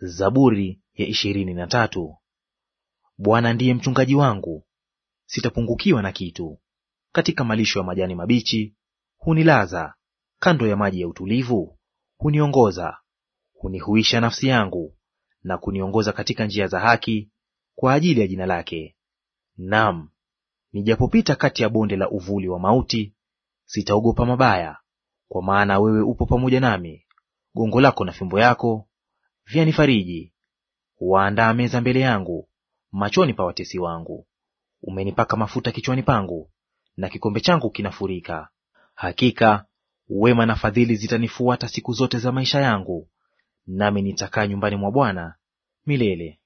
Zaburi ya ishirini na tatu. Bwana ndiye mchungaji wangu, sitapungukiwa na kitu. Katika malisho ya majani mabichi hunilaza, kando ya maji ya utulivu huniongoza. Hunihuisha nafsi yangu, na kuniongoza katika njia za haki kwa ajili ya jina lake. Naam, nijapopita kati ya bonde la uvuli wa mauti, sitaogopa mabaya, kwa maana wewe upo pamoja nami; gongo lako na fimbo yako vyanifariji. Waandaa meza mbele yangu machoni pa watesi wangu. Umenipaka mafuta kichwani pangu, na kikombe changu kinafurika. Hakika wema na fadhili zitanifuata siku zote za maisha yangu, nami nitakaa nyumbani mwa Bwana milele.